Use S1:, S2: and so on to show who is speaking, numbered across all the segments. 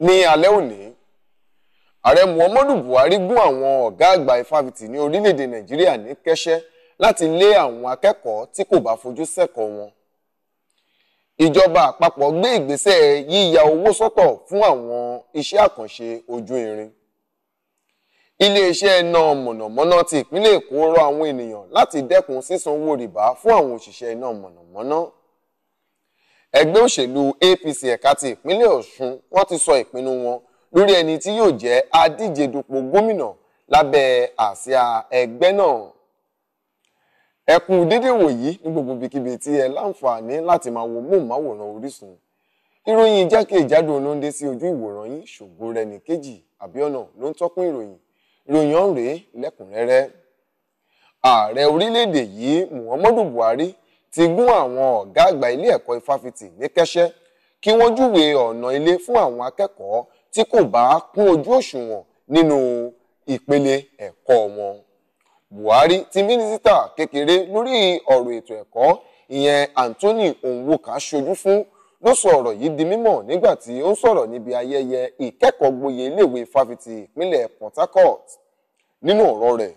S1: ní alẹ́ òní ààrẹ muhammadu buhari gún àwọn ọ̀gá àgbà ifáfitì ní orílẹ̀-èdè nàìjíríà ní kẹ́sẹ́ láti lé àwọn akẹ́kọ̀ọ́ tí kò bá fojú sẹ́kọ̀ọ́ wọn ìjọba àpapọ̀ gbé ìgbésẹ̀ yíya owó sọ́tọ̀ fún àwọn iṣẹ́ àkànṣe ojú irin iléeṣẹ́ iná mọ̀nàmọ́ná ti ìpínlẹ̀ èkó rọ àwọn ènìyàn láti dẹ́kun sísan owó rìbá fún àwọn òṣìṣẹ́ iná mọ̀nàmọ́ná ẹgbẹ́ òṣèlú APC ẹ̀ka ti ìpínlẹ̀ Ọ̀ṣun wọ́n ti sọ ìpinnu wọn lórí ẹni tí yóò jẹ́ adíje dupò gómìnà lábẹ́ àsíá ẹgbẹ́ náà ẹ kú dédé wòyí ní gbogbo ibikíbi tí ẹ láǹfààní láti máa wo móhùnmáwòrán Orísun ìròyìn jákèjádò ló ń dé sí ojú ìwòran yín ṣògo rẹ ní àbíọ́nà ló ń tọ́kún ìròyìn ìròyìn ọ̀hún lẹ́kùnrẹ́rẹ́ ààrẹ orílẹ̀-èdè yìí Muhammadu Buhari ti gún àwọn ọ̀gá àgbà ilé ẹ̀kọ́ ifáfitì ní kẹ́sẹ́ kí wọ́n júwe ọ̀nà ilé fún àwọn akẹ́kọ̀ọ́ tí kò bá kún ojú òṣùwọ̀n nínú ìpele ẹ̀kọ́ wọn. Buhari ti mínísítà kékeré lórí ọ̀rọ̀ ètò ẹ̀kọ́ ìyẹn Anthony Onwuka ṣojú fún ló sọ ọ̀rọ̀ yìí di mímọ̀ nígbà tí ó ń sọ̀rọ̀ níbi ayẹyẹ ìkẹ́kọ̀ọ́ gboyè iléèwé fáfitì ìpínlẹ̀ Port Harcourt nínú ọ̀rọ̀ rẹ̀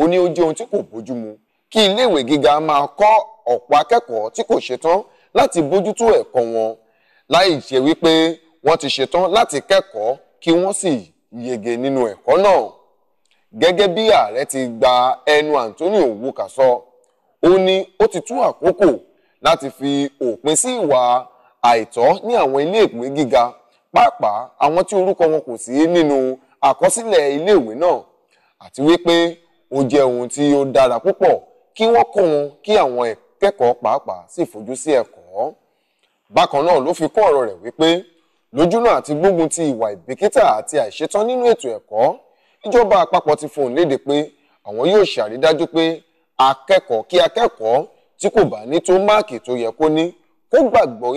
S1: ó ní ó jẹ́ ohun tí kò bójúmu kí iléèwé gíga máa kọ́ ọ̀pọ̀ akẹ́kọ̀ọ́ tí kò ṣetán láti bójútó ẹ̀kọ́ wọn láì ṣe wípé wọ́n ti ṣetán láti kẹ́kọ̀ọ́ kí wọ́n sì yege nínú ẹ̀kọ́ náà gẹ́gẹ́ bí ààrẹ ti gba ẹnu Anthony Owuka sọ ó ní ó ti tú àkókò láti fi òpin sí ìwà àìtọ́ ní àwọn iléèwé gíga pàápàá àwọn tí orúkọ wọn kò sí nínú àkọsílẹ̀ iléèwé náà àti wípé ó jẹ́ ohun tí ó dára púpọ̀ kí wọ́n kún un kí àwọn akẹ́kọ̀ọ́ pàápàá sì fojú sí ẹ̀kọ́ bákan náà ló fi kún ọ̀rọ̀ rẹ̀ wípé lójúnà àti gbógun ti ìwà ìbìkítà àti àìṣetán nínú ètò ẹ̀kọ́ ìjọba àpapọ̀ ti fohùn léde pé àwọn yóò ṣàrídájú pé akẹ́kọ̀ọ́ kí akẹ́kọ̀ọ́ tí kò bá ní tó máàkì tó yẹ kó ní kó gbàgbọ́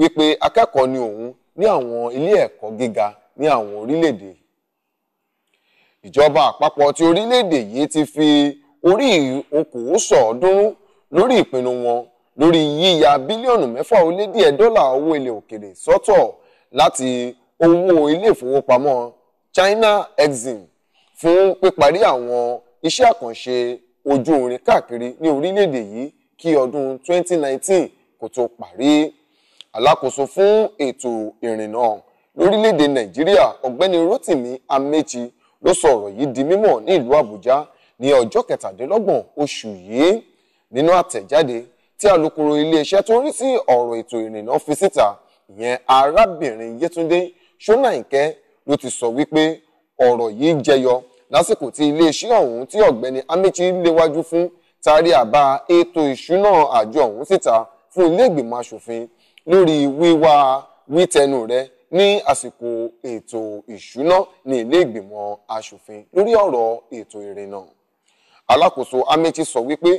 S1: wípé akẹ́kọ̀ọ́ ni òun ní àwọn ilé ẹ̀kọ́ gíga ní àwọn orílẹ̀-èdè ìjọba àpapọ̀ ti orílẹ̀-èdè yìí ti fi orí okòwò sọ̀ọ́dúnrún lórí ìpinnu wọn lórí yíya bílíọ̀nù mẹ́fà ó lé díẹ̀ dọ́là owó ilẹ̀ òkèrè sọ́tọ̀ láti owó ilé ìfowópamọ́ China Exim fún píparí àwọn iṣẹ́ àkànṣe ojú orin káàkiri ní orílẹ̀-èdè yìí kí ọdún 2019 kò tó parí. Alákòóso fún ètò ìrìnnà lórílẹ̀-èdè Nàìjíríà ọ̀gbẹ́ni Rotimi Amechi ló sọ̀rọ̀ yìí di mímọ̀ ní ìlú Àbújá ní ọjọ́ kẹtàdínlọ́gbọ̀n oṣù yìí nínú àtẹ̀jáde tí alukoro iléeṣẹ́ tó ń rí sí ọ̀rọ̀ ètò ìrìnnà fi síta ìyẹn arábìnrin Yétúndé Ṣónàìkẹ́ ló ti sọ wípé ọ̀rọ̀ yìí jẹyọ lásìkò tí iléeṣẹ́ ọ̀hún tí ọ̀gbẹ́ni Amaechi léwájú fún taari àbá ètò ìṣúná àjọ ọ̀hún síta fún ilé ìgbìmọ̀ asòfin lórí wíwá wítẹnu rẹ̀ ní àsìkò ètò ìṣúná ní ilé asòfin lórí ọ̀rọ̀ ètò ìrìnnà alákòóso amechi sọ wípé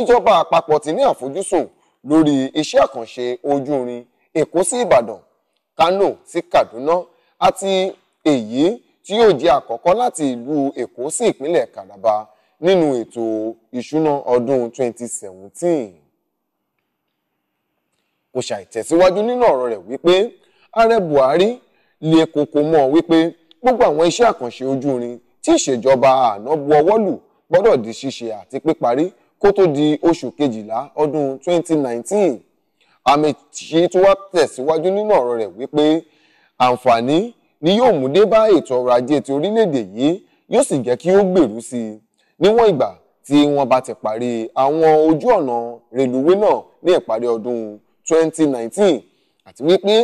S1: ìjọba àpapọ̀ ti ní àfojúsùn lórí iṣẹ́ àkànṣe ojú irin Èkó sí Ìbàdàn Kano sí Kaduna àti èyí tí yóò jẹ́ àkọ́kọ́ láti ìlú Èkó sí ìpínlẹ̀ Calabar nínú ètò ìṣúná ọdún 2017 kò ṣàìtẹ̀síwájú nínú ọ̀rọ̀ rẹ̀ wípé ààrẹ Buhari lè kókó mọ́ wípé gbogbo àwọn iṣẹ́ àkànṣe ojú irin tí ìṣèjọba àná bu ọwọ́ lù gbọ́dọ̀ di ṣíṣe àti píparí kó tó di oṣù kejìlá ọdún 2019 Amaechi tó wá tẹ̀síwájú nínú ọ̀rọ̀ rẹ̀ wípé àǹfààní ni yóò mú dé bá ètò ọrọ̀ ajé ti orílẹ̀-èdè yìí yóò sì jẹ́ kí ó gbèrú sí i níwọ̀n ìgbà tí wọ́n bá ti parí àwọn ojú ọ̀nà reluwé náà ní ìparí ọdún 2019 àti wípé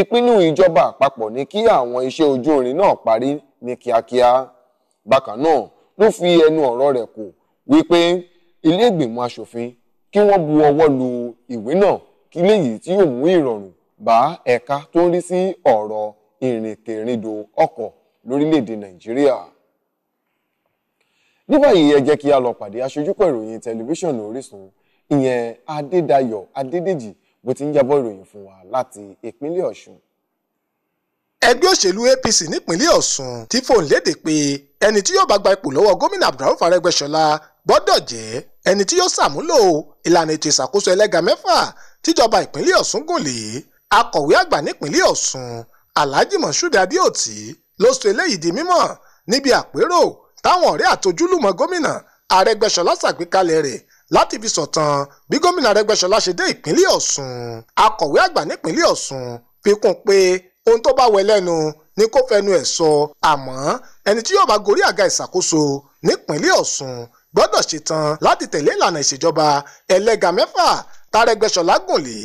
S1: ìpinnu ìjọba àpapọ̀ ni kí àwọn iṣẹ́ ojú irin náà parí ní kíákíá bákan náà ló fi ẹnu ọ̀rọ̀ rẹ̀ kò wípé ilé ìgbìmọ̀ asòfin kí wọ́n bu ọwọ́ lu ìwé náà kí léyìí tí yóò mú ìrọ̀rùn bá ẹ̀ka tó ń rí sí ọ̀rọ̀ ìrìnkèrindò ọkọ̀ lórílẹ̀‐èdè nàìjíríà. ní báyìí ẹ jẹ́ kí a lọ pàdé aṣojúkọ̀ ìròyìn tẹlifíṣàn orísun ìyẹn adédayọ̀
S2: adédèjì bó ti ń jábọ̀ ìròyìn fún wa láti ìpínlẹ̀ ọ̀ṣun ẹgbẹ́ òṣèlú APC nípínlẹ̀ Ọ̀ṣun ti fòun léde pé ẹni tí yóò bá gba ipò lọ́wọ́ gómìnà Abdulrauf Arẹ́gbẹ́ṣọlá gbọ́dọ̀ jẹ́ ẹni tí yóò ṣàmúlò ìlànà ètò ìṣàkóso ẹlẹ́gà mẹ́fà tíjọba ìpínlẹ̀ Ọ̀ṣun gùn lé akọ̀wé àgbà nípínlẹ̀ Ọ̀ṣun Alhaji Moshood Adeoti ló sọ eléyìí di mímọ̀ níbi àpérò táwọn ọ̀rẹ́ àtojúlùmọ̀ gómìnà Arẹ́gbẹ́ṣọlá ṣàgbékalẹ̀ rẹ̀ láti fi sọ̀tàn bí gómìnà Arẹ́gbẹ́ṣọlá ṣe dé ìpínlẹ̀ Ọ̀ṣun akọ̀wé àgbà nípínlẹ̀ Ọ̀ṣun fi kún pé ohun tó bá wẹ lẹ́nu ni kó fẹnu ẹ̀ sọ àmọ́ ẹni tí yóò bá gorí àga ìṣàkóso nípínlẹ̀ Ọ̀ṣun gbọ́dọ̀ ṣetán láti tẹ̀lé ìlànà ìṣèjọba ẹlẹ́gà mẹ́fà tárẹ́gbẹ́ṣọlá gùn lé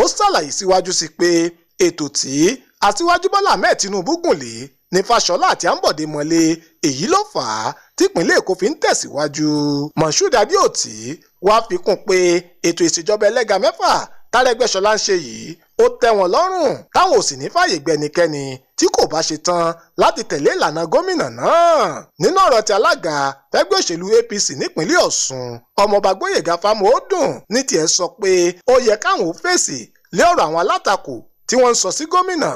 S2: ó ṣàlàyé síwájú sí pé ètò tí aṣíwájú bọ́lá ahmed tinubu gùn lé ní fàṣọlá àti àǹbọ̀dé mọ́lé èyí ló fà á típínlẹ̀ èkó fi ń tẹ̀síwájú mọ̀ṣúdà bí òtí wàá pé ètò ìṣèjọba ẹlẹ́gà mẹ́fà tárẹ́gbẹ́ṣọlá ń ṣe yìí ó tẹ́ wọn lọ́rùn táwọn ò sì ní fààyè gbẹnikẹ́ni tí kò bá ṣe tán láti tẹ̀lé ìlànà gómìnà náà nínú ọ̀rọ̀ tí alága fẹ́gbẹ́ òṣèlú APC nípínlẹ̀ Ọ̀ṣun ọmọọba Gbóyèga Fámọ̀ọ́dún ní tiẹ̀ sọ pé ó yẹ káwọn ò fèsì lé ọ̀rọ̀ àwọn alátakò tí wọ́n ń sọ sí gómìnà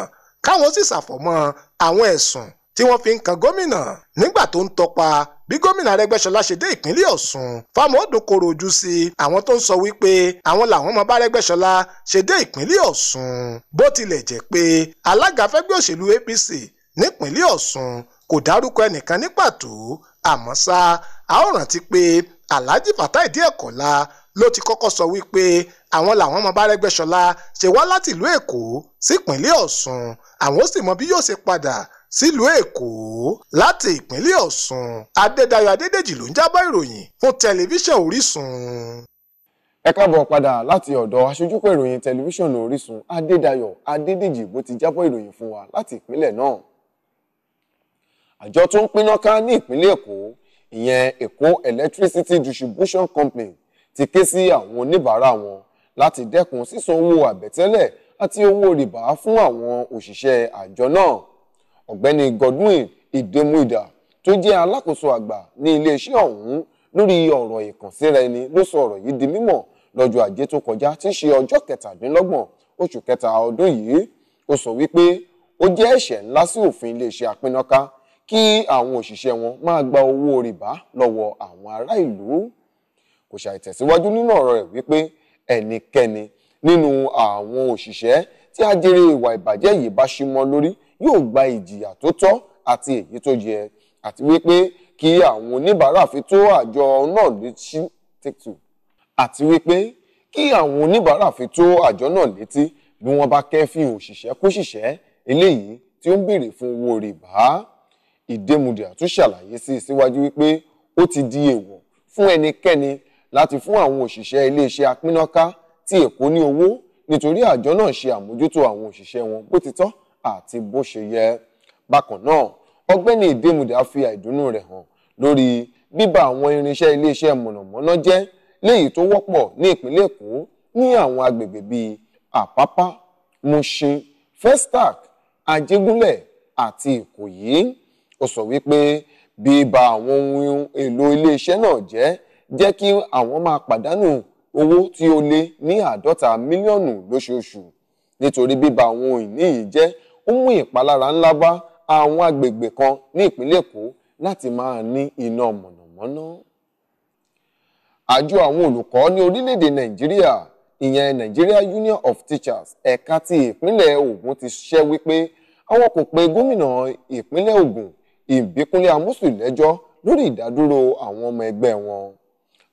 S2: káwọn sì ṣàfọ̀mọ́ àwọn ẹ̀sùn tí wọ́n fi ń kan gómìnà nígbà tó ń tọpa bí gómìnà arẹ́gbẹ́ṣọlá ṣe dé ìpínlẹ̀ ọ̀ṣun fáwọn òdòkòrò ojú sí àwọn tó ń sọ wípé àwọn làwọn mọ bárẹ́gbẹ́ṣọlá ṣe dé ìpínlẹ̀ ọ̀ṣun bó tilẹ̀ jẹ́ pé alága fẹ́gbẹ́ òṣèlú apc nípínlẹ̀ ọ̀ṣun kò dárúkọ ẹnìkan ní pàtó àmọ́ ṣá a ó rántí pé alhaji fatai díẹ̀kọ́lá ló ti kọ́kọ́ sọ wípé àwọn làwọn mọ bárẹ́gbẹ́ṣọlá ṣe wá láti ìlú èkó sípínlẹ̀ ọ̀ṣun àwọn ó sì mọ bí yóò ṣe padà sílùú èkó láti ìpínlẹ̀ ọ̀ṣun adédayọ̀ adédèjì ló ń jábọ̀ ìròyìn fún tẹlifíṣàn orísun. ẹ káàbọ̀ padà láti ọ̀dọ̀
S1: aṣojúpọ̀ ìròyìn tẹlifíṣàn orísun adédayọ̀ adédèjì bó ti jábọ̀ ìròyìn fún wa láti ìpínlẹ̀ náà. àjọ tó ń pín náà ká ní ìpínlẹ̀ èkó ìyẹn èkó electricity distribution company ti ké sí àwọn oníbàárà wọn láti dẹ́kun sísan owó àbẹ̀tẹ́lẹ̀ àti owó rìbá fún àwọn òṣìṣẹ́ àjọ náà ọ̀gbẹ́ni Godwin Idomuida tó jẹ́ alákòóso àgbà ní iléeṣẹ́ ọ̀hún lórí ọ̀rọ̀ ìkànsíra ẹni ló sọ ọ̀rọ̀ yìí di mímọ̀ lọ́jọ́ ajé tó kọjá tí í ṣe ọjọ́ kẹtàdínlọ́gbọ̀n oṣù kẹta ọdún yìí ó sọ wípé ó jẹ́ ẹ̀ṣẹ̀ ńlá sí òfin iléeṣẹ́ àpínnáká kí àwọn òṣìṣẹ́ wọn máa gba owó rìbá lọ́wọ́ àwọn ará ìlú kò ṣàì tẹ̀síwájú nínú ọ̀rọ̀ rẹ̀ wípé ẹnikẹ́ni nínú àwọn òṣìṣẹ́ tí ajere ìwà ìbàjẹ́ yìí bá ṣí mọ́ lórí yóò gba ìjìyà tó tọ́ àti èyí tó yẹ àti wípé kí àwọn oníbàárà fi tó àjọ náà létí tètè àti wípé kí àwọn oníbàárà fi tó àjọ náà létí bí wọ́n bá kẹ́fìn òṣìṣẹ́ kóṣìṣẹ́ eléyìí tí ó ń béèrè fún owó rìbá ìdèmùdè àtúnṣàlàyé sí síwájú wípé ó ti di èèwọ̀ fún ẹnikẹ́ni láti fún àwọn òṣìṣẹ́ iléeṣẹ́ apínnáká ti Èkó ní owó nítorí àjọ náà ṣe àmójútó àwọn òṣìṣẹ́ wọn bó ti tọ́ àti bó ṣe yẹ bákan náà ọ̀gbẹ́ni ìdèmùdà fi àìdùnnú rẹ̀ hàn lórí bíbà àwọn irinṣẹ́ iléeṣẹ́ mọ̀nàmọ́ná jẹ́ léyìí tó wọ́pọ̀ ní ìpínlẹ̀ èkó ní àwọn agbègbè bíi àpápá mushin festac ajégúnlẹ̀ àti ìkòyí ó sọ wípé bíbà àwọn ohun èlò iléeṣẹ́ náà jẹ́ jẹ́ kí àwọn máa pàdánù owó tí ó lé ní àádọ́ta mílíọ̀nù lóṣooṣù nítorí bíbà àwọn ohun ìní yìí jẹ́ ó mú ìpalára ńlá bá àwọn agbègbè kan ní ìpínlẹ̀ èkó láti máa ní iná mọ̀nàmọ́ná. àjọ àwọn olùkọ́ ní orílẹ̀-èdè nàìjíríà ìyẹn nigeria union of teachers ẹ̀ka ti ìpínlẹ̀ ògùn ti ṣiṣẹ́ wípé àwọn kò pe gómìnà ìpínlẹ̀ ògùn ìbíkúnlé amósùn lẹ́jọ́ lórí ìdádúró àwọn ọmọ ẹgbẹ́ wọn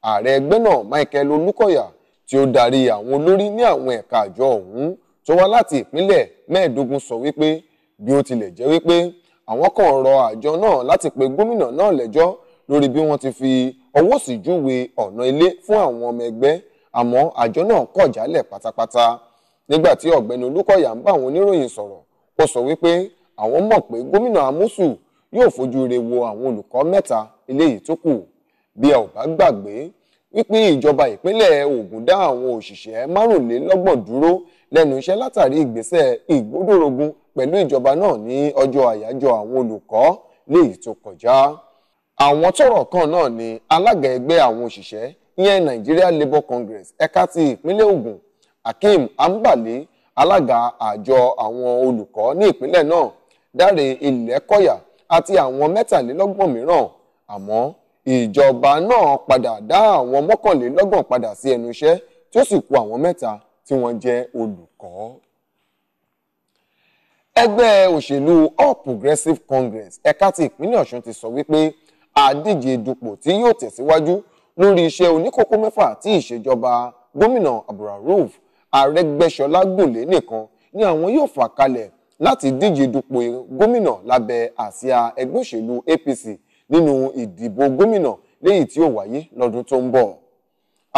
S1: ààrẹ ẹgbẹ́ náà michael olùkọ́yà tí ó darí àwọn olórí ní àwọn ẹ̀ka àjọ ọ̀hún tó wá láti ìpínlẹ̀ mẹ́ẹ̀ẹ́dógún sọ wípé bí ó tilẹ̀ jẹ́ wípé àwọn kan rọ àjọ náà láti pe gómìnà náà lẹ́jọ́ lórí bí wọ́n ti fi ọwọ́ sí júwe ọ̀nà ilé fún àwọn ọmọ ẹgbẹ́ àmọ́ àjọ náà kọ̀ jálẹ̀ pátápátá nígbà tí ọ̀gbẹ́ni olúkọ̀yà ń bá àwọn oníròyìn sọ̀rọ̀ ó sọ wípé àwọn mọ̀ pé gómìnà amúsù yóò fojú re wo àwọn olùkọ́ mẹ́ta eléyìí tó kù bí ẹ ò bá gbàgbé wípé ìjọba ìpínlẹ̀ Ògùn dá àwọn òṣìṣẹ́ márùnlélọ́gbọ̀n dúró lẹ́nu iṣẹ́ látàrí ìgbésẹ̀ ìgbódòrògùn pẹ̀lú ìjọba náà ní ọjọ́ àyájọ́ àwọn olùkọ́ léyìí tó kọjá. àwọn tọ́rọ̀ kan náà ni alága ẹgbẹ́ àwọn òṣìṣẹ́ ìyẹn Nigeria Labour Congress ẹ̀ka ti ìpínlẹ̀ Ògùn Akeem Ambale alága àjọ àwọn olùkọ́ ní ìpínlẹ̀ náà Dáre Ilẹ̀kọ̀yà àti àwọn mẹ́tàlélọ́gbọ̀n mìíràn àmọ́ ìjọba náà padà dá àwọn mọ́kànlélọ́gbọ̀n padà sí ẹnu iṣẹ́ tí ó sì kù àwọn mẹ́ta tí wọ́n jẹ́ olùkọ́. ẹgbẹ́ òṣèlú All Progressives Congress ẹ̀ka ti ìpínlẹ̀ Ọ̀ṣun ti sọ wípé àdíje dupò tí yóò tẹ̀síwájú lórí iṣẹ́ oníkókó mẹ́fà tí ìṣèjọba gómìnà Abdulrauf Arẹ́gbẹ́ṣọlá gòlè nìkan ni àwọn yóò fà kalẹ̀ láti díje dupò gómìnà lábẹ́ àsíá ẹgbẹ́ òṣèlú APC nínú ìdìbò gómìnà léyìí tí ó wáyé lọ́dún tó ń bọ̀.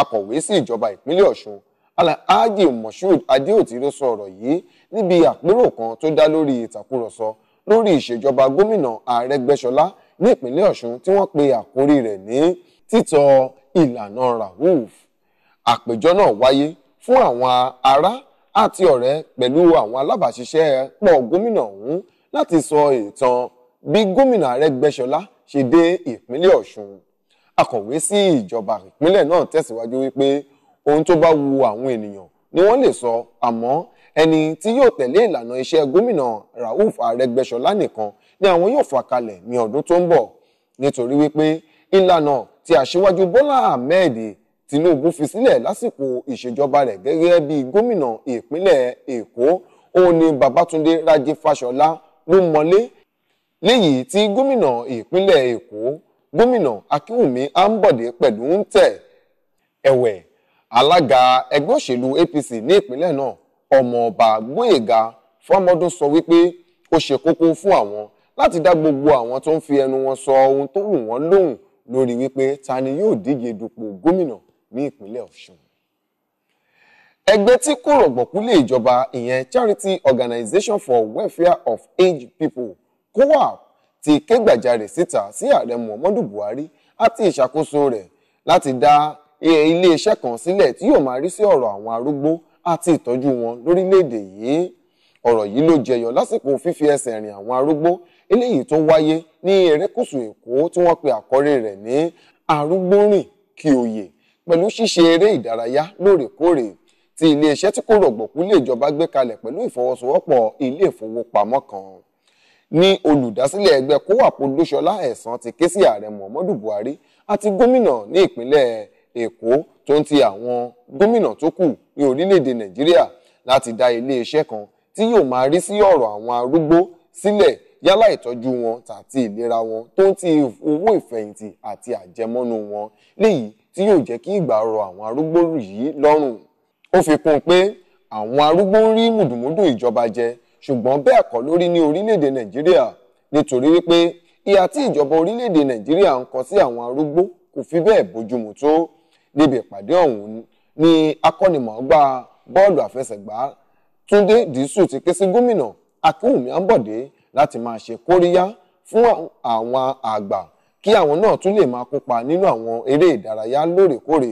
S1: akọ̀wé sí ìjọba ìpínlẹ̀ Ọ̀ṣun alhaji moshood adeoti ló sọ ọ̀rọ̀ yìí níbi àpérò kan tó dá lórí ìtàkùrọ̀sọ lórí ìṣèjọba gómìnà àrẹ́gbẹ́ṣọlá ní ìpínlẹ̀ ọ̀ṣun tí wọ́n pe àkórí rẹ̀ ní títọ̀ ìlànà rauf àpèjọ náà wáyé fún àwọn ará àti ọ̀rẹ́ pẹ̀lú àwọn alábàáṣiṣẹ́ pọ̀ gómìnà ọ̀hún láti sọ ìtàn bí gómìnà àrẹ́gbẹ́ṣọlá ṣe dé ìpínlẹ̀ ọ̀ṣun akọ̀wé sí ìjọba ìpínlẹ̀ náà tẹ̀síwájú wípé ohun tó bá wu àwọn ènìyàn ni wọ́n lè sọ àmọ́ ẹni tí yóò tẹ̀lé ìlànà iṣẹ́ gómìnà Rauf Arẹ́gbẹ́ṣọlá nìkan ni àwọn yóò fà kalẹ̀ ní ọdún tó ń bọ̀ nítorí wípé ìlànà tí aṣíwájú Bọ́lá Ahmed Tinubu fi sílẹ̀ lásìkò ìṣèjọba rẹ̀ gẹ́gẹ́ bí gómìnà ìpínlẹ̀ Èkó òun ni Babátúndé Rájí Fáṣọlá ló mọlé léyìí tí gómìnà ìpínlẹ̀ Èkó gómìnà Akínwùmí Ambode pẹ̀lú ń tẹ̀ ẹ̀wẹ̀ alága ẹgbẹ́ òṣèlú APC ní ìpínlẹ̀ náà ọmọọba Gbóyèga Fọmọdún sọ wípé ó ṣe kókó fún àwọn láti dá gbogbo àwọn tó ń fi ẹnu wọn sọ ohun tó wù wọ́n lóhùn lórí wípé ta ni yóò díje dupò gómìnà ní ìpínlẹ̀ Ọ̀ṣun ẹgbẹ́ tí kò rọ̀gbọ̀kú lé ìjọba ìyẹn Charity organisation for Welfare of Aged People COWAP ti ké gbàjarè síta sí ààrẹ Muhammadu Buhari àti ìṣàkóso rẹ̀ láti dá ilé iṣẹ́ kan sílẹ̀ tí yóò máa rí sí ọ̀rọ̀ àwọn arúgbó àti ìtọ́jú wọn lórílẹ̀‐èdè yìí ọ̀rọ̀ yìí ló jẹyọ lásìkò fífi ẹsẹ̀ rìn àwọn arúgbó eléyìí tó wáyé ní erékùṣù èkó tí wọ́n pe àkọ́rí rẹ̀ ní arúgbó rìn kí oyè pẹ̀lú ṣíṣe eré ìdárayá lóòrèkóòrè tí iléeṣẹ́ tí kò rọ̀gbọ̀kú lè jọba gbé kalẹ̀ pẹ̀lú ìfọwọ́sowọ́pọ̀ ilé ìfowópamọ́ kan ní olùdásílẹ̀ ẹgbẹ́ kówàpọ̀ lóṣọlá ẹ̀sán ti ké sí ààrẹ muhammadu buhari àti gómìnà ní ìpínlẹ̀ èkó tó ń ti àwọn gómìnà tó kù ní orílẹ̀-èdè nàìjíríà láti dá iléeṣẹ́ kan tí yóò máa rí sí ọ̀rọ̀ àwọn arúgbó sílẹ̀ yálà ìtọ́jú wọn tàbí ìlera wọn tó ń ti owó ìfẹ̀yìntì àti àjẹmọ́nú wọn léyìí tí yóò jẹ́ kí ìgbà rọ̀ àwọn arúgbó yìí lọ́rùn. ó fi kún un pé àwọn arúgbó ń rí mùdùmúdù ìjọba jẹ ṣùgbọ́n bẹ́ẹ̀ kọ́ lórí ní orílẹ̀-èdè nàìjíríà nítorí wípé ìhà tí ìjọba orílẹ̀-èdè nàìjíríà ń kọ sí àwọn arúgbó kò fi bẹ́ẹ̀ bójúmu tó níbi ìpàdé ọ̀hún ni akọ́nimọ̀ọ́gbá bọ́ọ̀lù àfẹsẹ̀gbá Túndé Dìísù ti ké sí gómìnà Akínwùmí Àǹbọ̀dé láti máa ṣe kóríyá fún àwọn àgbà kí àwọn náà tún lè máa kópa nínú àwọn eré ìdárayá lóòrèkóòrè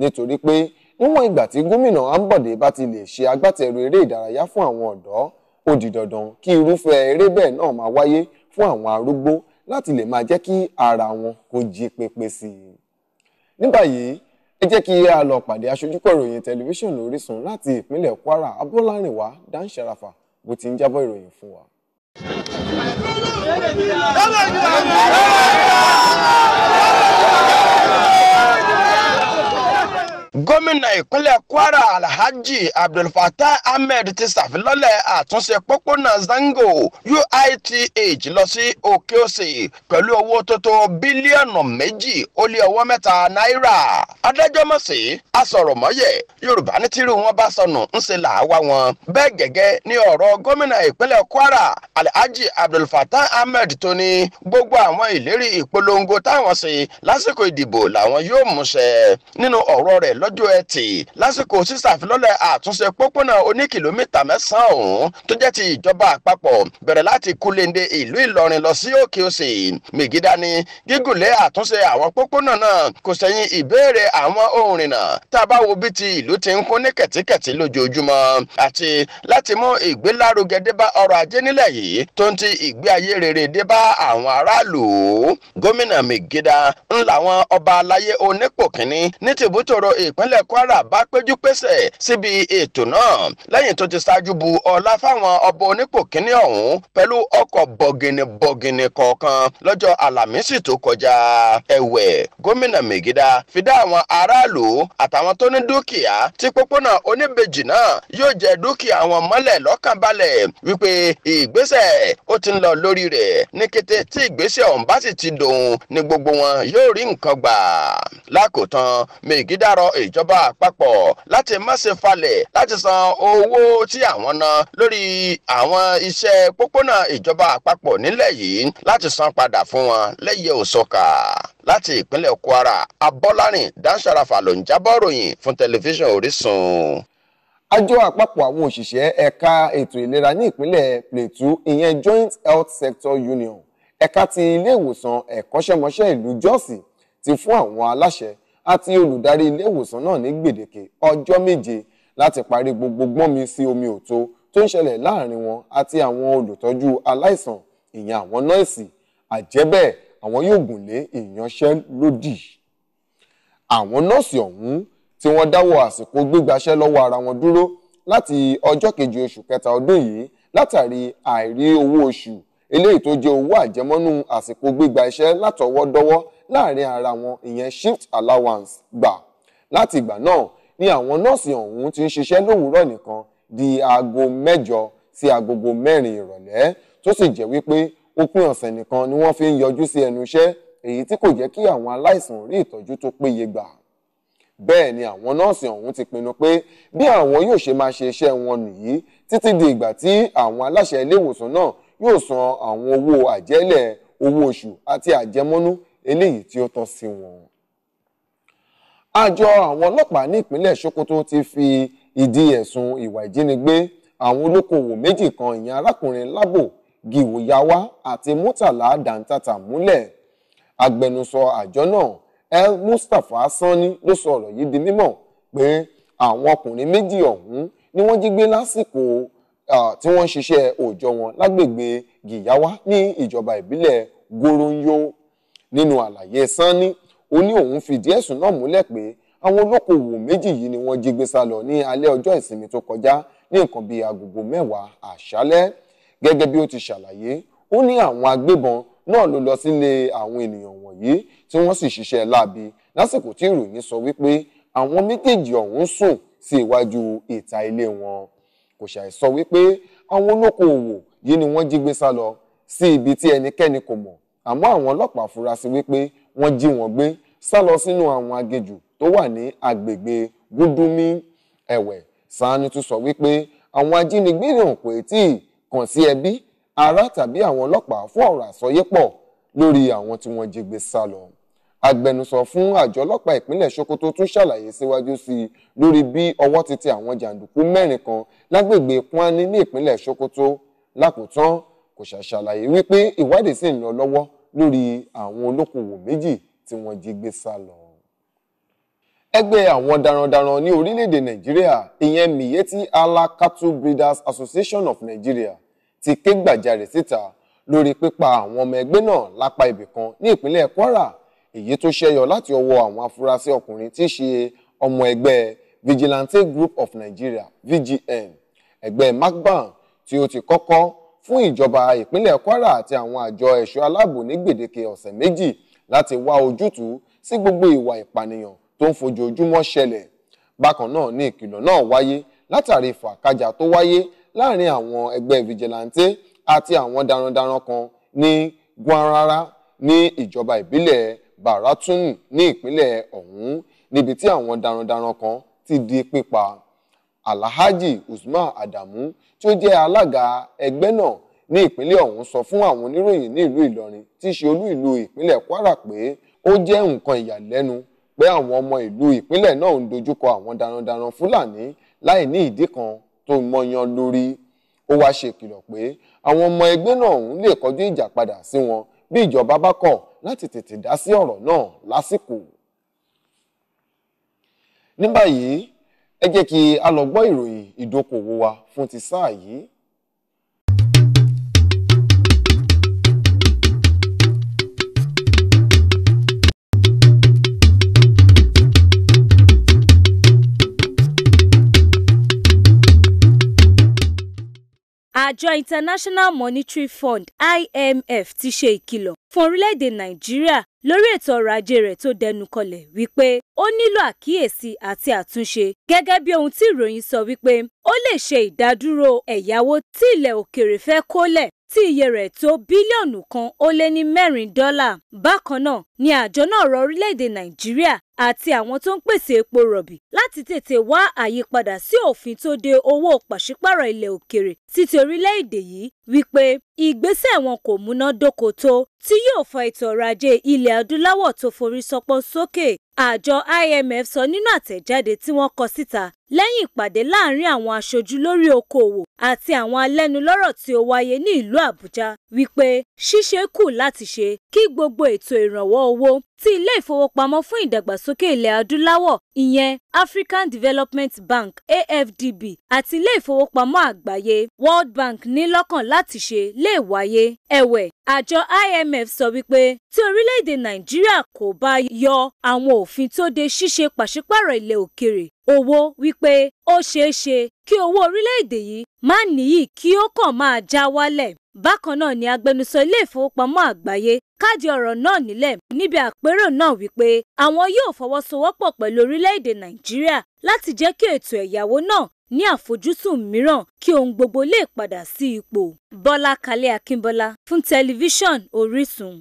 S1: nítorí pé níwọ̀n ìgbà tí gómìnà Àǹbọ̀dé bá ti lè ṣe agbátẹrù eré ìdárayá fún àwọn ọ̀dọ́ ó di dandan kí irúfẹ́ eré bẹ́ẹ̀ náà máa wáyé fún àwọn arúgbó láti lè máa jẹ́ kí ara wọn kó jí pépé sí i. ní báyìí ẹ jẹ́ kí a lọ pàdé aṣojúkọ̀ ìròyìn tẹlifíṣàn lóríṣun láti ìpínlẹ̀ kwara abọ́lárìnwá dan sharafa bó ti ń jábọ̀ ìròyìn fún wa.
S3: gómìnà ìpínlẹ̀ kwara alhaji abdulfatah ahmed ti ṣàfilọ́lẹ̀ àtúnṣe pópónà zango uith lọ sí òkè òsè pẹ̀lú owó tó tó bílíọ̀nù méjì ó lé ọwọ́ mẹ́ta náírà adájọ́ mọ̀sí asọ̀rọ̀mọ́yẹ̀ yorùbá ní tírú wọn bá sọnù ńṣe là á wá wọn bẹ́ẹ̀ gẹ́gẹ́ ní ọ̀rọ̀ gómìnà ìpínlẹ̀ kwara alhaji abdulfatah ahmed tó ní gbogbo àwọn ìlérí ìpolongo táwọn ṣe lásìkò ìdìbò làwọn yóò mú lọ́jọ́ ẹtì lásìkò sísàfilọ́lẹ̀ àtúnṣe pópónà oníkìlómítà mẹ́sàn-án ọ̀hún tó jẹ́ ti ìjọba àpapọ̀ bẹ̀rẹ̀ láti kúlẹ̀ǹde ìlú ìlọrin lọ sí òkè òsì mègídá ni gígùnlé àtúnṣe àwọn pópónà náà kò sẹ́yìn ìbéèrè àwọn òǹrìnà tá a bá wo bí ti ìlú ti ń kún ní kẹ̀tíkẹ̀tí lójoojúmọ́ àti láti mú ìgbélárugẹ dé bá ọrọ̀ ajé nílẹ̀ yìí tó ń ti ìgbé ayé rere dé bá àwọn ìpínlẹ̀ Kwara bá péjú pésẹ̀ síbi ètò náà lẹ́yìn tó ti ṣáájú bu ọlá fáwọn ọba onípò kínní ọ̀hún pẹ̀lú ọkọ̀ bọ̀gìnìbọ̀gìnì kọ̀ọ̀kan lọ́jọ́ àlàmísì tó kọjá ẹ̀wẹ̀ gómìnà Mègídá fi dá àwọn aráàlú àtàwọn tó ní dúkìá tí pópónà oníbejì náà yóò jẹ dúkìá wọn mọ́lẹ̀ lọ́kànbalẹ̀ wípé ìgbésẹ̀ ó ti ń lọ lórí rẹ̀ ní kété tí ìgbésẹ̀ ọ̀hún bá sì ti dòun ni gbogbo wọn yóò rí nǹkan gbà lákòótán Mègídá rọ ìjọba àpapọ̀ láti má ṣe falẹ̀ láti san owó tí àwọn ná lórí àwọn iṣẹ́ pópónà ìjọba àpapọ̀ nílẹ̀ yìí láti san padà fún wọn lẹ́yẹ òsọ̀kà láti ìpínlẹ̀ Kwara Abọ́lárìn Dáńsàràfà ló ń jábọ̀ ròyìn fún tẹlifíṣàn Orísun
S1: àjọ àpapọ̀ àwọn òṣìṣẹ́ ẹ̀ka ètò ìlera ní ìpínlẹ̀ Plateau ìyẹn Joint Health Sector Union ẹ̀ka ti ilé ìwòsàn ẹ̀kọ́ṣẹ́mọṣẹ́ ìlú Jọ́ọ̀sì ti fún àwọn aláṣẹ àti olùdarí ilé ìwòsàn náà ní gbèdéke ọjọ́ méje láti parí gbogbo gbọ́nmi sí omi òtó tó ń ṣẹlẹ̀ láàrin wọn àti àwọn olùtọ́jú aláìsàn ìyẹn àwọn nọ́ọ̀sì àjẹ́bẹ́ẹ̀ àwọn yóò gùn lé ìyanṣẹ́lódì àwọn nọ́ọ̀sì ọ̀hún tí wọ́n dáwọ́ àsìkò gbígbaṣẹ́ lọ́wọ́ ara wọn dúró láti ọjọ́ keje oṣù kẹta ọdún yìí látàrí àìrí owó oṣù eléyìí tó jẹ́ owó àjẹmọ́nú àsìkò gbígba iṣẹ́ látọwọ́dọ́wọ́ láàrin ara wọn ìyẹn shift allowance gbà láti ìgbà náà ni àwọn nọ́ọ̀sì ọ̀hún ti ń ṣiṣẹ́ lówùúrọ̀ nìkan di aago mẹ́jọ sí agogo mẹ́rin ìrọ̀lẹ́ tó sì jẹ́ wípé òpin ọ̀sẹ̀ nìkan ni wọ́n fi ń yọjú sí ẹnu iṣẹ́ èyí tí kò jẹ́ kí àwọn aláìsàn rí ìtọ́jú tó péye gbà bẹ́ẹ̀ ni àwọn nọ́ọ̀sì ọ̀hún ti pinnu pé bí àwọn yóò ṣe máa ṣe iṣẹ́ wọn nìyí títí di ìgbà tí àwọn aláṣẹ ilé ìwòsàn náà yóò san àwọn owó àjẹ́lẹ̀ owó oṣù àti àjẹmọ́nú eléyìí tí ó tọ́ sí wọn. àjọ àwọn ọlọ́pàá ní ìpínlẹ̀ Sokoto ti fi ìdí ẹ̀sùn ìwà ìjínigbé àwọn olókoòwò méjì kan ìyẹn arákùnrin Lábò Gìwòyáwá àti Murtala Dantata múlẹ̀ agbẹnusọ àjọ náà El Mustapha Sanni ló sọ ọ̀rọ̀ yìí di mímọ̀ pé àwọn ọkùnrin méjì ọ̀hún ni wọ́n jí gbé lásìkò tí wọ́n ṣiṣẹ́ òòjọ́ wọn lágbègbè Gìyáwá ní ìjọba ìbílẹ̀ Goronyo nínú àlàyé sanni ó ní òun fìdí ẹ̀sùn náà múlẹ̀ pé àwọn olókoòwò méjì yìí ni wọ́n jí gbé sá lọ ní alẹ́ ọjọ́ ìsinmi tó kọjá ní nǹkan bíi agogo mẹ́wàá àṣálẹ́ gẹ́gẹ́ bí ó ti ṣàlàyé ó ní àwọn agbébọn náà ló lọ sílé àwọn ènìyàn wọ̀nyí tí wọ́n sì ṣiṣẹ́ láabi lásìkò tí ìròyìn sọ wípé àwọn méjèèjì ọ̀hún sùn sí iwájú ìta ilé wọn kò ṣàì sọ wípé àwọn olókoòwò yìí ni wọ́n jí gbé sá lọ sí ibi tí ẹnikẹ́ni kò mọ̀ àmọ́ àwọn ọlọ́pàá fura sí wípé wọ́n jí wọn gbé sá lọ sínú àwọn agejù tó wà ní agbègbè gúdúmí ẹ̀wẹ̀ Sani tún sọ wípé àwọn ajínigbé náà kò tí ì kàn sí ẹbí ará tàbí àwọn ọlọ́pàá fún ọ̀rọ̀ àsọyé pọ̀ lórí àwọn tí wọ́n jí gbé sá lọ agbẹnusọ fún àjọ ọlọ́pàá ìpínlẹ̀ Sokoto tún ṣàlàyé síwájú sí i lórí bí ọwọ́ ti tẹ àwọn jàǹdùkú mẹ́rin kan lágbègbè Kwani ní ìpínlẹ̀ Sokoto lákòótán kò ṣàṣàlàyé wípé ìwádìí sì ń lọ lọ́wọ́ lórí àwọn olókòwò méjì tí wọ́n jí gbé sá lọ. ẹgbẹ́ àwọn darandaran ní orílẹ̀-èdè nàìjíríà ìyẹn miyetti Allah Cattle Breeders Association of Nigeria ti ké gbàjarè síta lórí pípa àwọn ọmọ ẹgbẹ́ náà lápá ibìkan ní ìpínlẹ̀ Kwara èyí tó ṣẹyọ láti ọwọ́ àwọn afurasí ọkùnrin tí í ṣe ọmọ ẹgbẹ́ Vigilante Group of Nigeria VGN ẹgbẹ́ macban tí ó ti kọ́kọ́ fún ìjọba ìpínlẹ̀ Kwara àti àwọn àjọ ẹ̀ṣọ́ aláàbò ní gbèdéke ọ̀sẹ̀ méjì láti wá ojútùú sí gbogbo ìwà ìpànìyàn tó ń fojoojúmọ́ ṣẹlẹ̀ bákan náà ni ìkìlọ̀ náà wáyé látàrí fàkájà tó wáyé láàrin àwọn ẹgbẹ́ vigilante àti àwọn darandaran kan ní Gwanrara ní ìjọba ìbílẹ̀ Baratunu ní ìpínlẹ̀ ọ̀hún níbi tí àwọn darandaran kan ti di pípa alhaji usman adamu tí ó jẹ́ alága ẹgbẹ́ náà ní ìpínlẹ̀ ọ̀hún sọ fún àwọn oníròyìn ní ìlú ìlọrin tí í ṣe olú ìlú ìpínlẹ̀ kwara pé ó jẹ́ nǹkan ìyàlẹ́nu pé àwọn ọmọ ìlú ìpínlẹ̀ náà ń dojúkọ àwọn darandaran fúlàní láì ní ìdí kan tó mọyan lórí ó wáá ṣèkìlọ̀ pé àwọn ọmọ ẹgbẹ́ náà ọ̀hún lè kọjú ìjà padà sí wọn bí ìjọba bá kọ̀ láti tètè dá sí ọ̀rọ̀ náà lásìkò. ní báyìí ẹ jẹ́ kí a lọ gbọ́ ìròyìn ìdókòwò wa fún ti sáà yìí.
S4: àjọ international monetary fund imf ti ṣe ìkìlọ̀ fún orílẹ̀-èdè nàìjíríà lórí ètò ọrọ̀ ajé rẹ̀ tó dẹnu kọlẹ̀ wípé ó nílò àkíyèsí àti àtúnṣe gẹ́gẹ́ bí ohun tí ìròyìn sọ wípé ó lè ṣe ìdádúró ẹ̀yáwó tí ilẹ̀ òkèèrè fẹ́ kó tí iye rẹ̀ tó bílíọ̀nù kan ó lé ní mẹ́rin dọ́là. Bákan náà ni àjọ náà rọ orílẹ̀-èdè Nàìjíríà àti àwọn tó ń pèsè epo rọ̀bì láti tètè wá àyípadà sí òfin tó de owó pàṣípàrọ̀ ilẹ̀ òkèrè títí orílẹ̀-èdè yìí wípé ìgbésẹ̀ wọn kò múnádóko tó tí yóò fa ètò ọrọ̀ ajé ilẹ̀ adúláwọ̀ tó forí sọpọ́ sókè. Àjọ IMF sọ nínú àtẹ̀jáde tí wọ́n kọ síta lẹ́yìn ìpàdé láàrin àwọn aṣojú lórí okòòwò àti àwọn alẹ́nulọ́rọ̀ tí ó wáyé ní ìlú Àbújá wípé ṣíṣe kù láti ṣe kí gbogbo ètò ìrànwọ́ owó tí ilé ìfowópamọ́ fún ìdàgbàsókè ilẹ̀ adúláwọ̀ ìyẹn African Development Bank AFDB àti ilé ìfowópamọ́ àgbáyé World Bank ní lọ́kàn láti ṣe lè wáyé ẹ̀wẹ̀ àjọ IMF sọ wípé tí orílẹ̀-èdè Nàìjíríà kò bá yọ àwọn òfin tó de ṣíṣe pàṣípàrọ̀ ilẹ̀ òkèrè owó wípé ó ṣeé ṣe kí owó orílẹ̀-èdè yìí má níyì kí ó kàn máa já wálẹ̀. Bákan náà ni agbẹnusọ ilé ìfowópamọ́ àgbáyé káàdì ọ̀rọ̀ náà nílẹ̀ níbi àpérò náà wípé àwọn yóò fọwọ́sowọ́pọ̀ pẹ̀lú orílẹ̀-èdè Nàìjíríà láti jẹ́ kí ètò ẹ̀yáwó náà ní àfojúsùn mìíràn kí ohun gbogbo lè padà sí ipò. Bọ́lá Kalẹ́ Akínbọ́lá fún tẹlifíṣàn Orísun.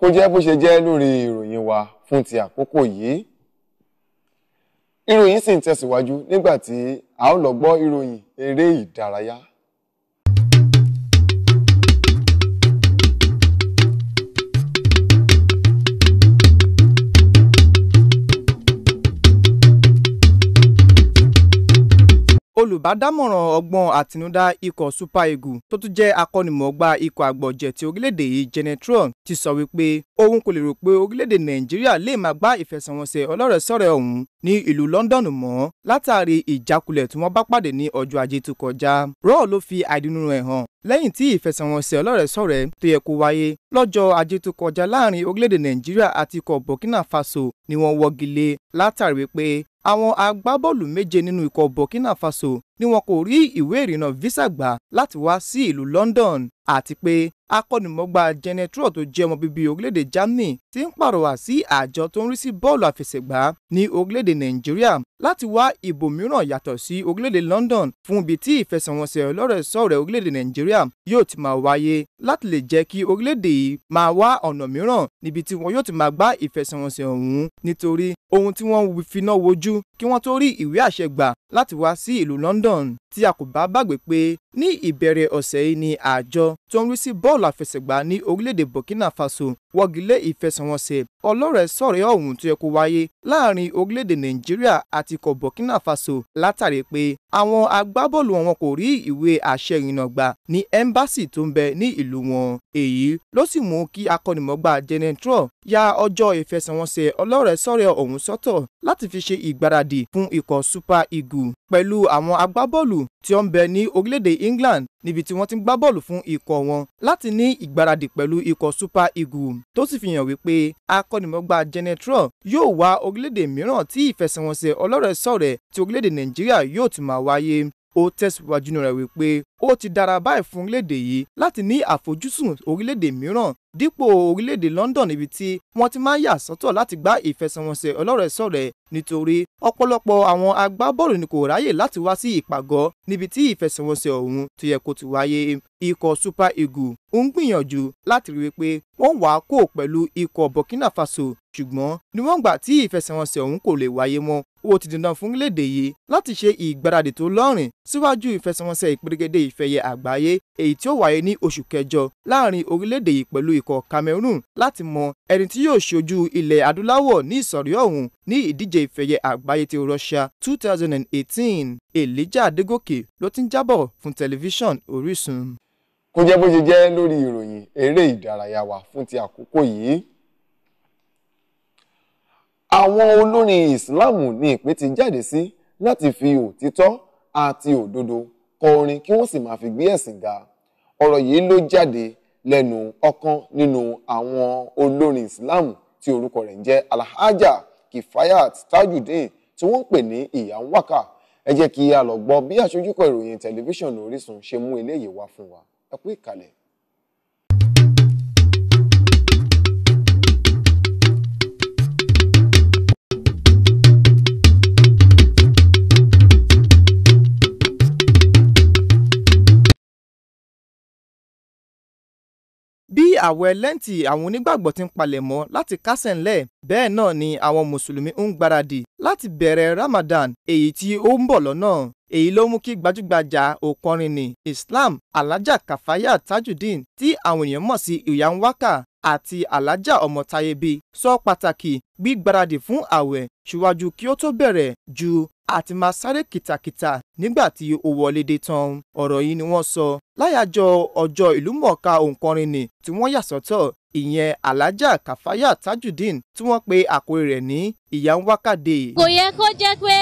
S1: Kó jẹ́ bó ṣe jẹ́ lórí ìròyìn wa fún ti àkókò yìí ìròyìn sì ń tẹ̀síwájú nígbà tí a ó lọ gbọ́ ìròyìn eré ìdárayá.
S5: olùbádámọ̀ràn ọgbọ́n àtinúdá ikọ̀ super eagle tó tún jẹ́ akọ́nimọ̀ọ́gbá ikọ̀ àgbọ̀jẹ̀ ti orílẹ̀-èdè yìí Genetron ti sọ wípé òun kò lè rò pé orílẹ̀-èdè nàìjíríà lè máa gbá ìfẹsẹ̀wọnsẹ̀ ọlọ́rẹ̀ẹ́sọ̀rẹ̀ ọ̀hún ní ìlú London mọ́ látàrí ìjákulẹ̀ tí wọ́n bá pàdé ní ọjọ́ ajé tó kọjá. Raw ló fi àìdùnnú rẹ̀ hàn lẹ́yìn tí ìfẹsẹ̀wọnsẹ̀ ọlọ́rẹ̀ẹ́sọ̀rẹ́ tó yẹ kó wáyé lọ́jọ́ ajé tó kọjá láàrin orílẹ̀-èdè nàìjíríà àti ikọ̀ burkina faso ni wọ́n wọ́gi lé látàrí pé àwọn agbábọ́ọ̀lù méje nínú ikọ̀ burkina faso ni wọn kò rí ìwé ìrìnnà visa gbà láti wá sí ìlú London àti pé akọ́nimọ̀gbà Janet Rohr tó jẹ́ ọmọ bíbí orílẹ̀-èdè Germany ti ń pàrọwà sí àjọ tó ń rí sí bọ́ọ̀lù àfẹsẹ̀gbá ní orílẹ̀-èdè Nàìjíríà láti wá ibòmíràn yàtọ̀ sí orílẹ̀-èdè London fún ibi tí ìfẹsẹ̀wọnsẹ̀ ọlọ́rẹ̀ẹ́sọ̀rẹ̀ orílẹ̀-èdè Nàìjíríà yóò ti máa wáyé láti lè jẹ́ kí orílẹ̀-èdè yìí máa wá ọ̀nà mìíràn níbi tí wọn yóò ti máa gbá ìfẹsẹ̀wọnsẹ̀ ọ̀hún nítorí ohun tí wọ́n finá wojú kí wọ́n tó rí ìwé àṣẹ gbà London London tí a kò bá gbàgbé pé ní ìbẹ̀rẹ̀ ọ̀sẹ̀ yìí ni àjọ tó ń rí sí bọ́ọ̀lù àfẹsẹ̀gbá ní orílẹ̀-èdè Burkina Faso wọ́gilé ìfẹsẹ̀wọnsẹ̀ ọlọ́rẹ̀ sọ̀rẹ́ ọ̀hún tó yẹ kó wáyé láàrin orílẹ̀-èdè nàìjíríà àti ikọ̀ burkina faso látàrí pé àwọn agbábọ́ọ̀lù wọn kò rí ìwé àṣẹ ìrìnnà gbà ní ẹ́mbáàsì tó ń bẹ ní ìlú wọn èyí ló sì mú kí akọ́nimọ̀gbà jẹnẹtrọ̀ ya ọjọ́ ìfẹsẹ̀wọnsẹ̀ ọlọ́rẹ̀ sọ̀rẹ́ ọ̀hún sọ́tọ̀ láti fi ṣe ìgbáradì fún ikọ̀ super eagle pẹ̀lú àwọn agbábọ́ọ̀lù tí ó ń bẹ ní orílẹ̀-èdè England níbi tí wọ́n ti ń gbá bọ́ọ̀lù fún ikọ̀ wọn láti ní ìgbáradì pẹ̀lú ikọ̀ Super Eagle tó sì fi hàn wípé akọ́nimọ̀gbà Janet Trump yóò wá orílẹ̀-èdè mìíràn tí ìfẹsẹ̀wọnsẹ̀ ọlọ́rẹ̀ẹ́sọ̀rẹ̀ ti orílẹ̀-èdè Nàìjíríà yóò tún máa wáyé ó tẹ̀síwájú nínú rẹ̀ wípé ó ti dára báyìí fún orílẹ̀-èdè yìí láti ní àfojúsùn orílẹ̀-èdè mìíràn dípò orílẹ̀-èdè London ibi tí wọ́n ti máa ń yà sọ́tọ̀ láti gbá ìfẹsẹ̀wọnsẹ̀ ọlọ́rẹ̀ẹ́sọ̀rẹ̀ nítorí ọ̀pọ̀lọpọ̀ àwọn agbábọ́ọ̀lù ni kò ráyè láti wá sí ìpàgọ́ níbi tí ìfẹsẹ̀wọnsẹ̀ ọ̀hún tó yẹ kó ti wáyé ikọ̀ Super Eagles ń gbìyànjú láti rí i pé wọ́n wàá kó pẹ̀lú ikọ̀ Burkina Faso ṣùgbọ́n níwọ̀n gbà tí ìfẹsẹ̀wọnsẹ̀ ọ̀hún kò lè wáyé mọ́ ó ti dandan fún léde yìí láti ṣe ìgbáradì tó lọ́rìn síwájú ìfẹsẹ̀wọnsẹ̀ ìpèrègede ìfẹ̀yẹ àgbáyé èyí tí ó wáyé ní oṣù kẹjọ láàrin orílẹ̀-èdè yìí pẹ̀lú ikọ̀ Cameroon láti mọ ẹni tí yóò ṣojú ilẹ̀ adúláwọ̀ ní ìsọ̀rí ọ̀hún ní ìdíje ìfẹ̀yẹ àgbáyé ti Russia 2018 Elijah Adegoke ló ti ń jábọ̀ fún tẹlifíṣàn Orísun.
S1: kó jẹ́ bó ṣe jẹ́ lórí ìròyìn eré ìdárayá wa fún ti àkókò yìí àwọn olórin ìsìláàmù ní ìpè ti jáde sí láti fi òtítọ́ àti òdodo kọ orin kí wọ́n sì máa fi gbé ẹ̀sìn ga ọ̀rọ̀ yìí ló jáde lẹ́nu ọ̀kan nínú àwọn olórin ìsìláàmù tí orúkọ rẹ̀ ń jẹ́ alhaja kifayat tajudeen tí wọ́n ń pè ní ìyá ń wákà ẹ jẹ́ kí a lọ gbọ́ bí àṣojúkọ̀ ìròyìn tẹlifíṣàn Orísun ṣe mú eléyìí wá fún wa ẹ kú ìkàlẹ̀.
S5: àwẹ̀ lẹ́ǹtì àwọn onígbàgbọ́ ti ń palẹ̀mọ́ láti kásẹ̀ ńlẹ̀ bẹ́ẹ̀ náà ni àwọn mùsùlùmí ń gbáradì láti bẹ̀rẹ̀ Ramadan èyí tí ó ń bọ̀ lọ́nà èyí ló mú kí gbajúgbajà òkọrin ní Islam Alhaja Kafaya Tajudeen tí àwọn èèyàn mọ̀ sí Ìyá ń wákà àti Alhaja Ọmọtayébi sọ pàtàkì gbígbáradì fún àwẹ̀ síwájú kí ó tó bẹ̀rẹ̀ ju àti máa sáré kìtàkìtà nígbà tí ó wọlé dé tán. ọ̀rọ̀ yìí ni wọ́n sọ láyàjọ ọjọ́ ìlúmọ̀ọ́ká òǹkọrin nì tí wọ́n yà sọ́tọ̀ ìyẹn alájà kàfáyà tajudeen tí wọ́n pe àkórí rẹ̀ ní ìyá ń wákàdé.
S6: kò yẹ kó jẹ́ pé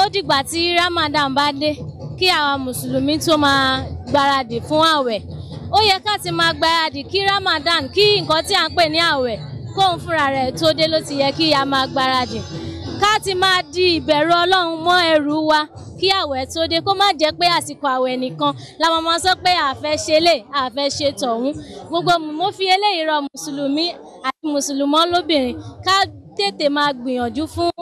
S6: ó dìgbà tí ramadan bá dé kí àwa mùsùlùmí tó máa gbáradì fún ààwẹ̀ ó yẹ ká ti máa gbáradì kí ramadan kí nǹkan tí à ń pè ní ààwẹ̀ kóun fúnra rẹ̀ tó dé ló ti yẹ kí a máa gbáradì ká ti máa di ìbẹ̀rù Ọlọ́run mọ́ ẹrù wa kí àwẹ̀ tó dé kó má jẹ́ pé àsìkò àwẹ̀ nìkan la máa máa sọ pé àfẹ́ ṣe lè àfẹ́ ṣe tọ̀hún gbogbo mo fi eléyìí rọ mùsùlùmí àti mùsùlùmọ́ lóbìnrin ká tètè máa gbìyànjú fún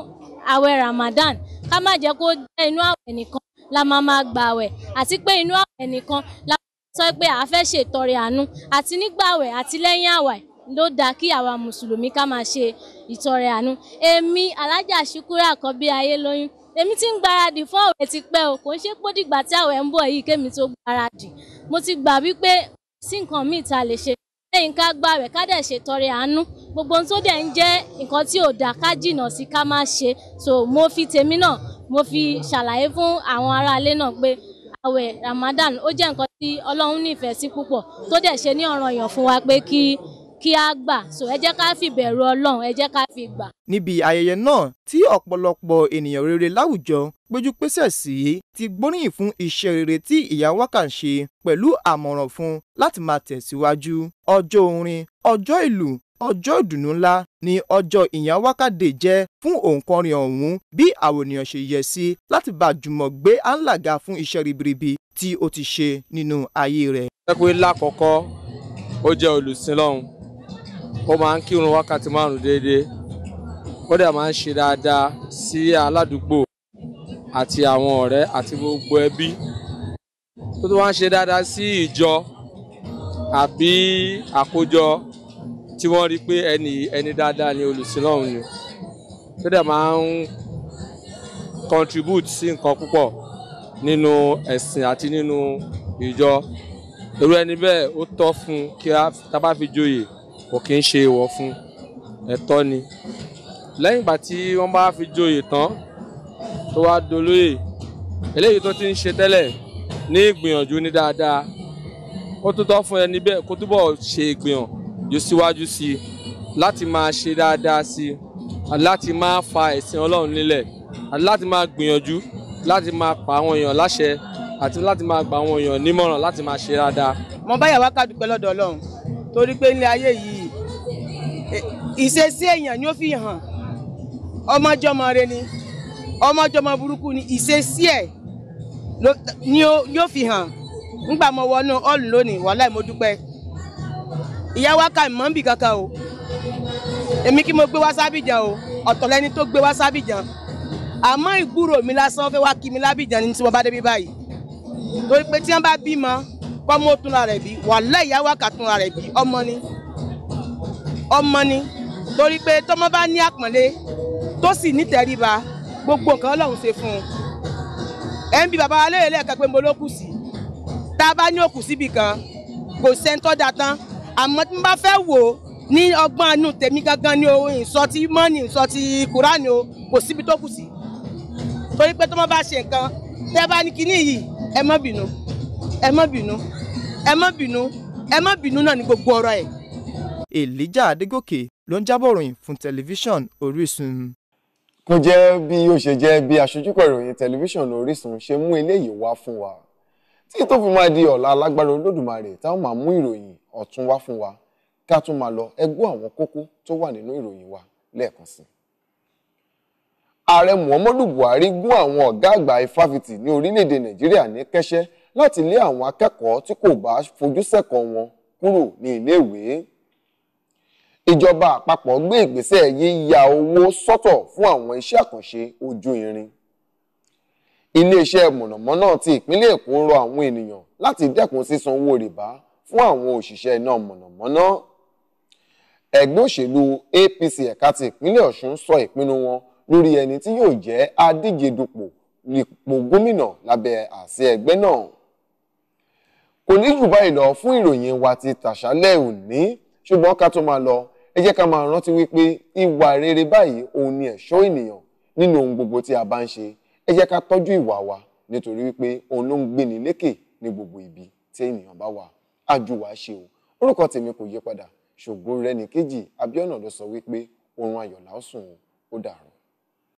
S6: àwẹ̀ Ramadan ká má jẹ́ kó jẹ́ inú àwẹ̀ nìkan la máa máa gbà àwẹ̀ àti pé inú àwẹ̀ nìkan la máa sọ pé àfẹ́ ṣètọrẹ àánú àti nígbà àwẹ̀ àti lẹ́yìn àwẹ̀ ló dáa kí àwa mùsùlùmí ká máa ṣe ìtọrẹ àánú èmi alájà ṣíkúrà àkọ́bí ayélóyún èmi ti ń gbáradì fún àwẹ̀ ti pẹ́ o kò ń ṣe pé dìgbà tí àwẹ̀ ń bọ̀ yìí kémi tó gbáradì mo ti gbà wípé sí nǹkan míì tá a lè ṣe lẹ́yìn ká gbàwẹ̀ ká dẹ̀ ṣètọrẹ àánú gbogbo ohun tó dẹ̀ ń jẹ́ nǹkan tí ò dáa ká jìnà sí ká má ṣe so mo fi tèmi náà mo fi ṣàlàyé fún àwọn aráalé náà pé àwẹ̀ Ramadan ó jẹ́ nǹkan tí Ọlọ́run nífẹ̀ẹ́ sí púpọ̀ tó dẹ̀ ṣe ní ọ̀ranyàn fún wa pé kí kí á gbà so ẹ jẹ́ ká fìbẹ̀rù ọlọ́run ẹ jẹ́ ká fi gbà.
S5: níbi ayẹyẹ náà tí ọ̀pọ̀lọpọ̀ ènìyàn rere láwùjọ péjúpésẹ̀ sí ti gbóríyìn fún iṣẹ́ rere tí ìyá wákà ń ṣe pẹ̀lú àmọ̀ràn fún láti máa tẹ̀síwájú ọjọ́ orin ọjọ́ ìlú ọjọ́ ìdùnnú ńlá ni ọjọ́ ìyá wákàdé jẹ́ fún òǹkọrin ọ̀hún bí àwọn ènìyàn ṣe yẹ sí láti bá jùmọ̀ gbé àǹlàgà fún iṣẹ́ ribiribi
S7: tí ó ti ṣe nínú ayé rẹ̀. ẹ pé lákọ̀ọ́kọ́ ó jẹ́ olùsìn lọ́hùn ó máa ń kírun wákàtí márùn déédéé ó dẹ̀ máa ń ṣe dáadáa sí aládùúgbò àti àwọn ọ̀rẹ́ àti gbogbo ẹbí tó tó wá ń ṣe dáadáa sí ìjọ àbí àkójọ tí wọ́n rí pé ẹni ẹni dáadáa ni olùsìn Ọlọ́run ni tó dẹ̀ máa ń contribute sí nǹkan púpọ̀ nínú ẹ̀sìn àti nínú ìjọ irú ẹni bẹ́ẹ̀ ó tọ́ fún kí a tá bá fi joyè kò kí ń ṣe èèwọ̀ fún ẹ̀tọ́ ni lẹ́yìn ìgbà tí wọ́n bá fi joyè tán tó wá dolóyè eléyìí tó ti ń ṣe tẹ́lẹ̀ ní ìgbìyànjú ní dáadáa ó tún tọ́ fún ẹni bẹ́ẹ̀ kó túbọ̀ ṣe ìgbìyànjú síwájú sí i láti máa ṣe dáadáa sí i láti máa fa ẹ̀sìn Ọlọ́run nílẹ̀ láti máa gbìyànjú láti máa pa àwọn èèyàn láṣẹ àti láti máa gba àwọn èèyàn nímọ̀ràn láti máa ṣe dáadáa. mo bá yàwá ká lọ́dọ̀ Ọlọ́run torí pé ilé
S8: ayé yìí ìṣesí èèyàn ni ó fi hàn ọmọjọmọ rẹ ni ọmọjọmọ burúkú ni ìṣesí ẹ ni ó fi hàn ńgbà mo wọnú ọ̀lù lónìí wàhálà mo dúpẹ́ ìyá wa ka mọ́ níbì kankan o èmi kí mo gbé wá sábìjà o ọ̀tọ̀ lẹni tó gbé wá sábìjà àmọ́ ìgbúrò mi lásán fẹ́ wá kí mi lábìjà ni tí wọ́n bá débi báyìí torí pé tí wọ́n bá bímọ kọ́ mọ́ túnra rẹ̀ bí wàhálà ìyá wa kà túnra rẹ̀ bí ọmọ ni. ọmọ ni torí pé tọmọ bá ní àpọ́nlé tó sì nítẹríba gbogbo nǹkan Ọlọ́run ṣe fún un ẹ ń bi bàbá wa léèrè lẹ́ẹ̀kan pé mo ló kù sí tá a bá ní òkú síbi kan kò sẹ́ńtọ́ da tán àmọ́ tí mo bá fẹ́ wò ó ní ọgbọ́n àánú tèmi gangan ni o ìsọ ti mọ́ọ̀nì ìsọ ti kúránì o kò síbi tó kù sí torí pé tọmọ bá ṣe nǹkan tẹ́ bá ní kinní yìí ẹ má bínú ẹ má bínú ẹ má bínú ẹ má bínú náà ní gbogbo ọ̀rọ̀ ẹ̀.
S5: Elijah Adégòkè ló ń jábọ̀ ròyìn fún tẹlifíṣàn Orísun.
S1: kò jẹ́ bí ó ṣe jẹ́ bí aṣojúkọ̀ ìròyìn tẹlifíṣàn Orísun ṣe mú eléyìí wá fún wa tí tó fi máa di ọ̀la alágbára olódùmarè táwọn máa mú ìròyìn ọ̀tún wá fún wa ká tún máa lọ ẹgbọ́ àwọn kókó tó wà nínú ìròyìn wa lẹ́ẹ̀kan sí ààrẹ muhammadu buhari gún àwọn ọ̀gá àgbà ifáfitì ní orílẹ̀-èdè nàìjíríà ní kẹ́sẹ́ láti lé àwọn akẹ́kọ̀ọ́ tí kò bá fojú sẹ́kọ̀ọ́ wọn kúrò ní iléèwé ìjọba àpapọ̀ gbé ìgbésẹ̀ yíya owó sọ́tọ̀ fún àwọn iṣẹ́ àkànṣe ojú irin. iléeṣẹ́ mọ̀nàmọ́ná ti ìpínlẹ̀ Èkó rọ àwọn ènìyàn láti dẹ́kun sísan owó rìbá fún àwọn òṣìṣẹ́ iná mọ̀nàmọ́ná. ẹgbẹ́ òṣèlú APC ẹ̀ka ti ìpínlẹ̀ Ọ̀ṣun sọ ìpinnu wọn lórí ẹni tí yóò jẹ́ adíje dupò ipò gómìnà lábẹ́ àsíá ẹgbẹ́ náà. kò ní jù báyìí lọ fún ìròyìn wa ti tàṣálẹ́ òní ṣùgbọ́n ká tó máa lọ ẹ jẹ́ ká máa rántí wípé ìwà rere báyìí òun ni ẹ̀ṣọ́ ènìyàn nínú ohun gbogbo tí a bá ń ṣe ẹ jẹ́ ká tọ́jú ìwà wa nítorí wípé òun ló ń gbéni lékè ní gbogbo ibi tí ènìyàn bá wà ájú wa ṣe o orúkọ tèmi kò yí padà ṣògo rẹnìkejì Abíọ́nà ló sọ wípé oorun ayọ̀ la ó sùn